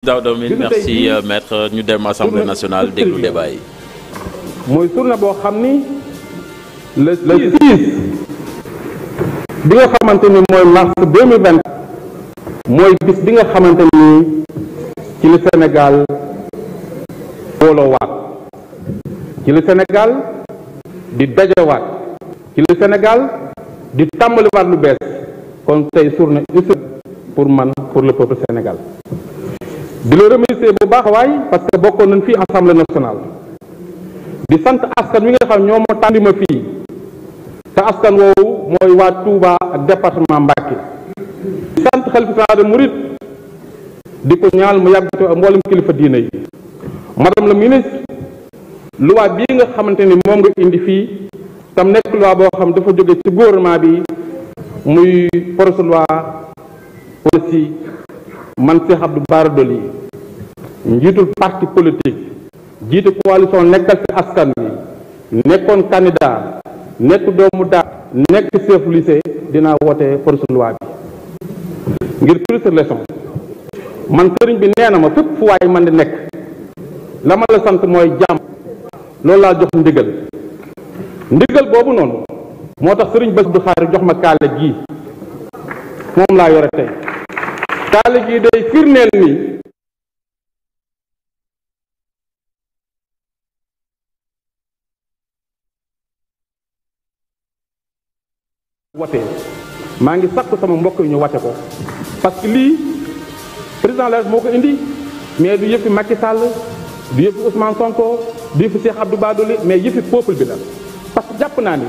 Daouda Mine merci euh, ñu dem assemblée nationale déglu mooy surna boo xam ni le le six bi nga xamante ni mooy mars deux mille mooy bis bi nga xamante ci la Sénégal booloo ci la Sénégal di dajawaat ci la Sénégal di tàmbaliwaat lu bees kon tey surna pour man pour le peuple Sénégal. di la remercier bu baax waay parce que bokkoon nañ fii assemblée nationale bi sant askan wi nga xam ñoo ma tànn ma fii te askan woowu mooy waa Touba ak département Mbacké di sant xalifa général des mourides di ko ñaal mu yàggatu ak kilifa diine yi madame la ministre loi bii nga xamante ni moom nga indi fii tam nekk loi boo xam dafa jóge ci gouvernement bi muy projet loi aussi man Cheikh Abdou Bara Dolly njiitul parti politique jiite coalition nekkal fi askan bi nekkoon candidat nekk doomu daal nekk chef lycée dinaa woote force loi bi ngir prise leçon man sëriñ bi nee na ma fépp fu waay man di nekk la ma la sant mooy jàmm loolu laa jox ndigal ndigal boobu noonu moo tax sëriñ Bass Abdou Khadre jox ma kaala gi moom laa yore tey taalif yi day firneel ni watee maa ngi sakku sama mbokk ñu wate ko parce que lii président la moo ko indi mais du yëfi Macky Sall du yëfi Ousmane Sonko du yëfi Cheikh Abdou Badoli mais yëfi peuple bi la parce que jàpp naa ni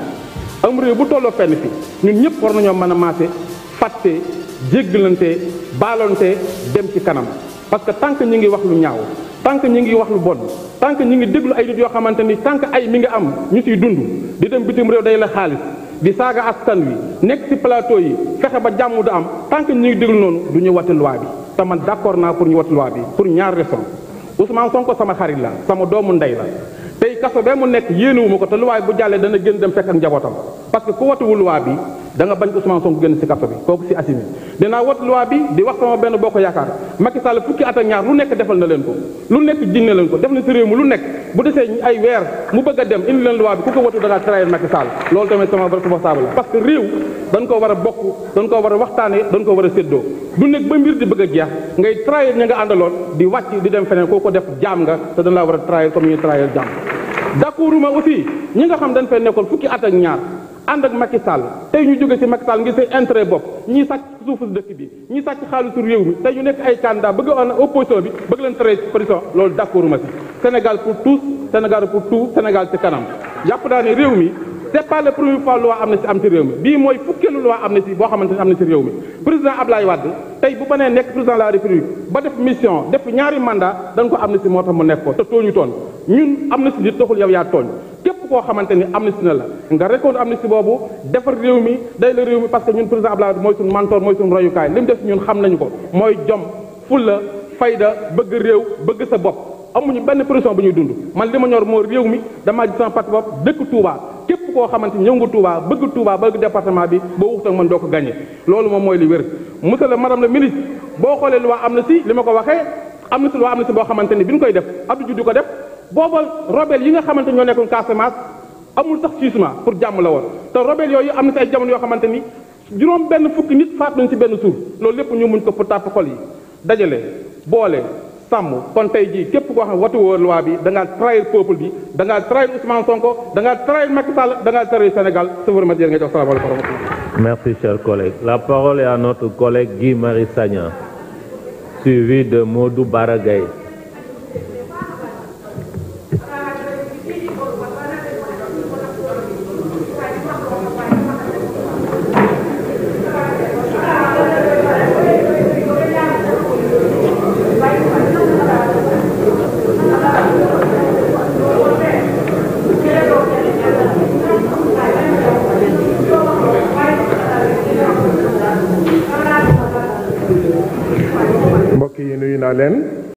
am bu tolloo fenn fi ñun ñëpp war nañoo mën a maase fàtte jéggalante baalonte dem ci kanam parce que tant que ñu ngi wax lu ñaaw tant que ñu ngi wax lu bon tant que ñu ngi déglu ay nit yoo xamante ni tànk ay mi nga am ñu ciy dund di dem bitim réew day la xaalis di saaga askan wi nekk ci plateau yi fexe ba jàmm du am tant que ñu ngi déglu noonu du ñu wati loi bi te man d'accord naa pour ñu wati loi bi pour ñaar raison Ousmane Sonko sama xarit la sama doomu ndey la tey kaso bee mu nekk yéenuwuma ko te luwaay bu jàllee dana génn dem fekk ak njabootam parce que ku watuwul luwaa bi da nga bañ Ousmane Sonko génn si kaso bi kooku si asimi dinaa wat luwaa bi di wax sama benn boo ko yaakaar Macky Sall fukki at ak ñaar lu nekk defal na leen ko lu nekk jiñ na leen ko def na si réew mi lu nekk bu desee ay weer mu bëgg a dem indi leen bi ku ko watu da ngaa trahir Macky Sall loolu tamit sama responsable parce que réew dem feneen koo ko def jaam nga te war a trahir d'accorduma aussi ñi nga xam dañ fay nekkoon fukki at ak ñaar ànd ak Macky Sall tey ñu jóge ci Macky Sall ngir seen intérêt bopp ñi sàcc suufu dëkk bi ñi sàcc xaalisu réew mi tey ñu nekk ay candidat bëgg a opposition bi bëgg leen tere prison loolu d'accorduma ci Sénégal pour tous Sénégal pour tout Sénégal ci kanam jàpp naa ne réew mi c'est pas la première fois loi amnistie am ci réew mi bii mooy fukkeelu loi amnistie boo xamante ne am na ci réew mi président Ablaye Wade tey bu ba nee nekk président de la république ba def mission def ñaari mandat dañ ko amnistie moo tax mu nekk ko te tooñu toon ñun amnistie nit taxul yow yaa tooñ képp koo xamante ni amnistie na la nga récolte amnistie boobu defar réew mi day la réew mi parce que ñun président Ablaye Wade mooy suñu mentor mooy suñu royukaay li mu def ñun réew bëgg sa bopp amuñu benn pression bu ñuy dund man li ma ñor moo réew mi damaa gis sama parti bopp dëkk Touba képp koo xamante ñëw nga Touba bëgg Touba bëgg département bi boo wuxtak man doo ko gagné loolu moom mooy li wér monsieur le la ministre boo xoolee lu wax am na si li ma ko waxee am na si lu wax am na si boo xamante ni bi ñu koy def Abdou Diouf di ko def booba robel yi nga xamante ñoo nekkoon Casamance amul sax gisement pour jàmm la woon te robel yooyu am na si ay jamono yoo xamante ni juróom benn fukki nit faat nañ si benn suuf loolu lépp ñu muñ ko pour tàpp xol yi dajale boole sàmm kon tey jii képp koo xam ne watu woo loi bi da ngaa trahir peuple bi da ngaa trahir Ousmane Sonko da ngaa trahir Macky Sall da ngaa trahir ba su ma nga jox salaamaaleykum wa rahmatulah. Merci, chers collègues. La parole est à notre collègue Guy Marius Sagna, suivi de Modou Baragaye.